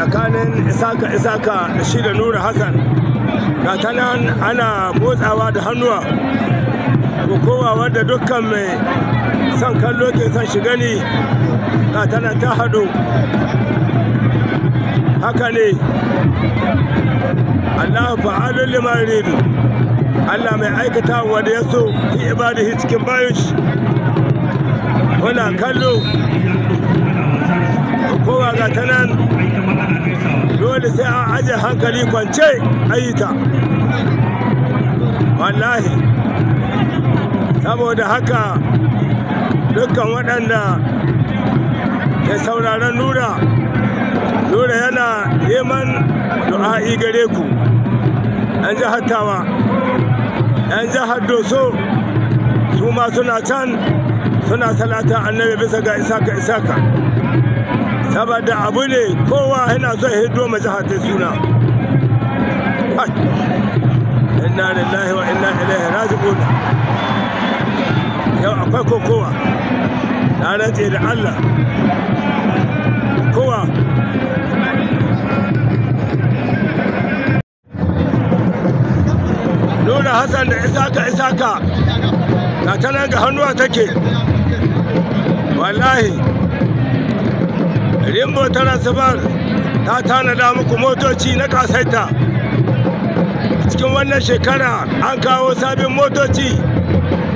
tsakanin isaka isaka da shi da nura hassan ga ta nan ana motsawa da hannuwa kowa wadda dukkan mai son kallo ke san shiga ne ga ta nan ta haɗu haka ne allahu fa'alun liman ridu Allah mai aikata wadda ya so fi ibadihi cikin bayan shi muna kallo kowa ga ta nan sai an ajiye hankali kwance ayita wallahi saboda haka dukkan waɗanda ke sauraron nura nura yana neman du'a'i gare ku yan jihar tawa yan jihar doso su ma suna can suna salata annabi bisa ga isaka isaka saboda abu ne kowa yana son hido mai jihar ta suna inna lillahi wa inna ilaihi raji'un yau akwai kokowa na rantse da Allah kowa nuna Hassan da Isaka Isaka ga tanan ga hannuwa take wallahi rimbo zubar ta tanada muku motoci na kasaita cikin wannan shekara an kawo sabin motoci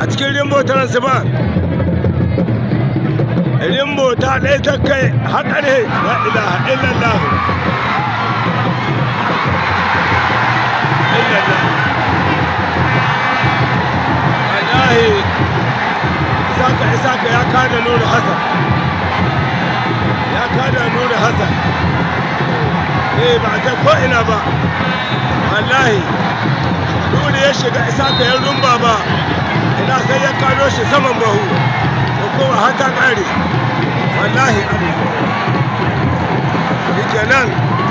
a cikin rimbo zubar rimbo ta ɗaya ta kai haƙare la ilaha illallah isaka isaka ya kada nuru hasan ya kada nuna hasan eh ba ta koina ba wallahi nuna ya shiga isa ka yan rumba ba ina sai ya kado shi saman bahu ko kowa hata kare wallahi Allah